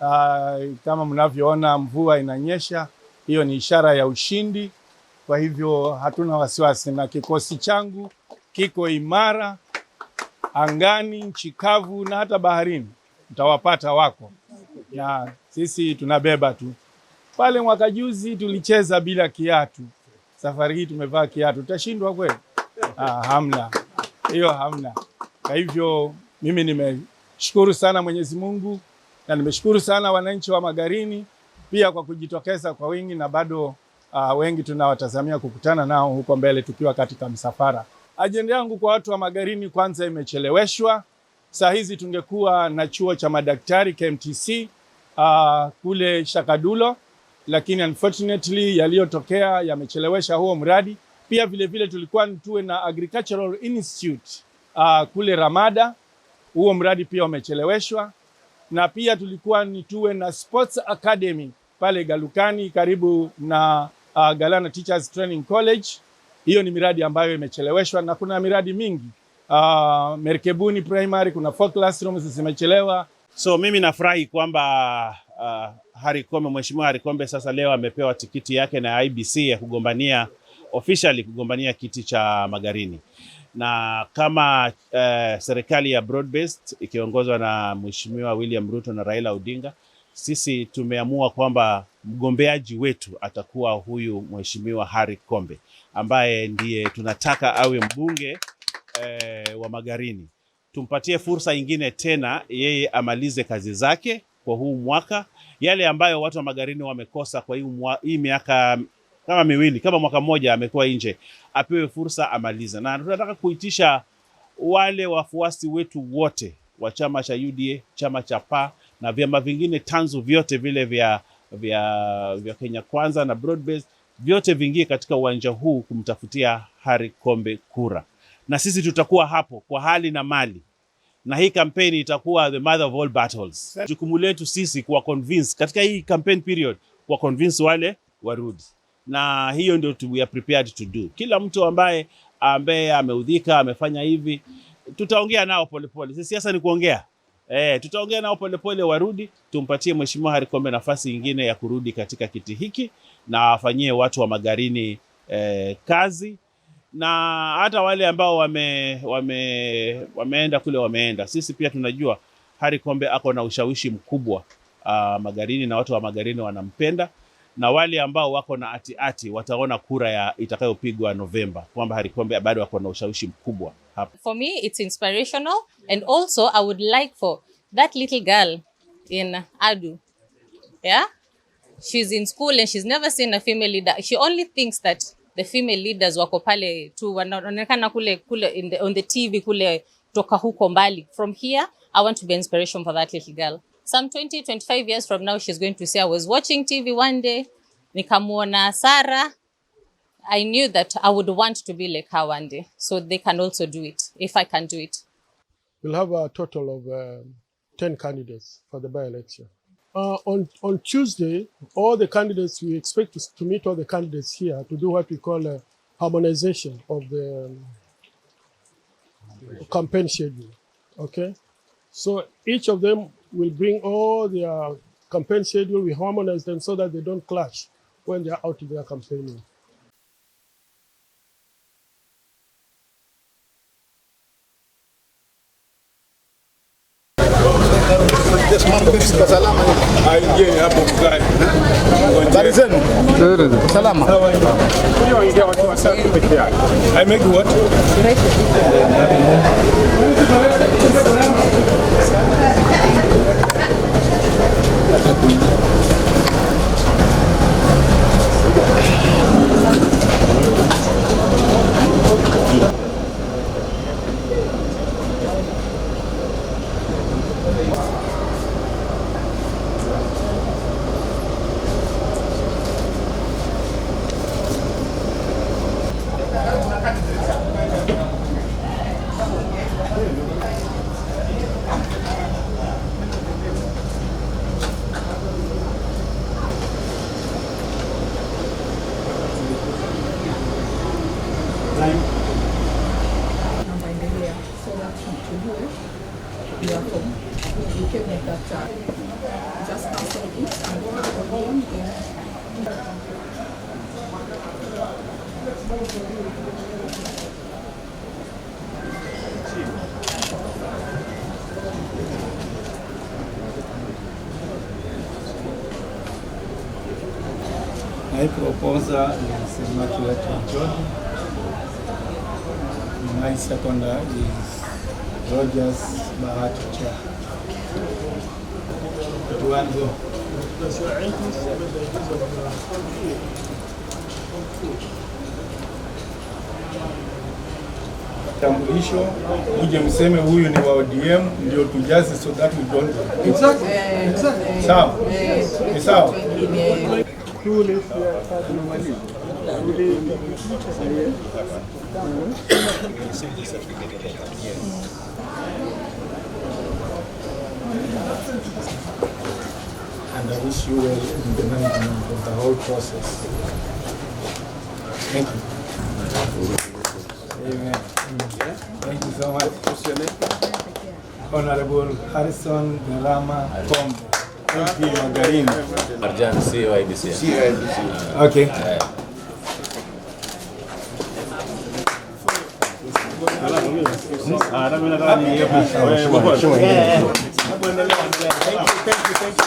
Ah, kama mnavyoona mvua inanyesha, hiyo ni ishara ya ushindi. Kwa hivyo hatuna wasiwasi, na kikosi changu kiko imara angani, nchi kavu na hata baharini, mtawapata wako na sisi tunabeba tu. Pale mwaka juzi tulicheza bila kiatu, safari hii tumevaa kiatu, tutashindwa kweli? Ah, hamna hiyo, hamna. Kwa hivyo mimi nimeshukuru sana Mwenyezi Mungu na nimeshukuru sana wananchi wa Magarini pia kwa kujitokeza kwa wingi na bado uh, wengi tunawatazamia kukutana nao huko mbele tukiwa katika msafara. Ajenda yangu kwa watu wa Magarini kwanza imecheleweshwa. Saa hizi tungekuwa na chuo cha madaktari KMTC uh, ah, kule Shakadulo, lakini unfortunately yaliyotokea yamechelewesha huo mradi. Pia vilevile vile tulikuwa tuwe na Agricultural Institute uh, kule Ramada, huo mradi pia umecheleweshwa na pia tulikuwa ni tuwe na sports academy pale Galukani karibu na uh, Galana Teachers Training College. Hiyo ni miradi ambayo imecheleweshwa na kuna miradi mingi uh, Merkebuni Primary, kuna four classrooms zimechelewa. So mimi nafurahi kwamba uh, Harikombe, Mheshimiwa Harikombe sasa leo amepewa tikiti yake na IBC ya kugombania officially kugombania kiti cha Magarini na kama eh, serikali ya broad based ikiongozwa na Mheshimiwa William Ruto na Raila Odinga, sisi tumeamua kwamba mgombeaji wetu atakuwa huyu Mheshimiwa Harry Kombe ambaye ndiye tunataka awe mbunge eh, wa Magarini. Tumpatie fursa ingine tena, yeye amalize kazi zake kwa huu mwaka, yale ambayo watu wa Magarini wamekosa kwa hii miaka kama miwili kama mwaka mmoja amekuwa nje, apewe fursa amalize. Na tunataka kuitisha wale wafuasi wetu wote wa chama cha UDA, chama cha PA na vyama vingine tanzu vyote vile vya, vya, vya Kenya Kwanza na Broadbase vyote vingie katika uwanja huu kumtafutia Harry Kombe kura, na sisi tutakuwa hapo kwa hali na mali, na hii kampeni itakuwa the mother of all battles. Jukumu letu sisi kuwa convince katika hii campaign period, kuwa convince wale warudi na hiyo ndio we are prepared to do. Kila mtu ambaye ambaye ameudhika amefanya hivi, tutaongea nao polepole. Sisi siasa ni kuongea eh, tutaongea nao polepole, warudi tumpatie Mheshimiwa Harry Kombe nafasi nyingine ya kurudi katika kiti hiki na afanyie watu wa Magarini eh, kazi na hata wale ambao wame, wame, wameenda kule wameenda. Sisi pia tunajua Harry Kombe ako na ushawishi mkubwa uh, Magarini na watu wa Magarini wanampenda na wale ambao wako na ati ati wataona kura ya itakayopigwa Novemba kwamba Harry Kombe bado wako na ushawishi mkubwa hapa. For me it's inspirational and also I would like for that little girl in Adu. Yeah? She's in school and she's never seen a female leader. She only thinks that the female leaders wako pale tu wanaonekana kule kule in the, on the TV kule toka huko mbali. From here I want to be inspiration for that little girl. some 20, 25 years from now, she's going to say, I was watching TV one day, nikamwona Sarah. I knew that I would want to be like her one day. So they can also do it, if I can do it. We'll have a total of uh, 10 candidates for the by-election. Uh, on, on Tuesday, all the candidates, we expect to, to, meet all the candidates here to do what we call a harmonization of the um, campaign schedule. Okay? So each of them will bring all their campaign schedule, we harmonize them so that they don't clash when they're out there campaigning. I make what? Gracias. can make that chart. Just pass it and go to the game there. Na hii proposa inasema tuwete John my Rogers Bahati Chaha Tambulisho uje mseme huyu ni wa ODM, ndio tujaze, so that we don't eh, exactly exactly. Sawa, eh, ni sawa. And I wish you well in the management of the whole process. Thank you. Amen. Thank you so much. What's your name? Honorable Harrison Garama Kombo. MP Magarini. Arjan, CYBC. IBC. Uh, okay. Uh, Mheshimiwa.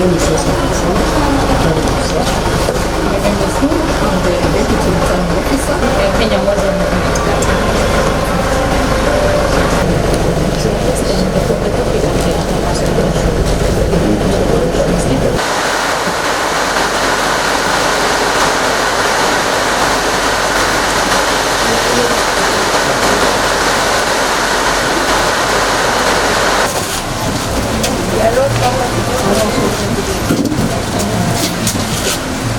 yeni ses yapması, kendisi. Ve kendisi, ve bütün tanrı kısa, Kenya Wazan'ın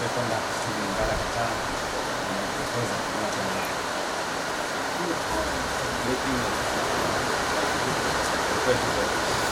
sekondari Mbagala Katana anaelekeza kunatangaza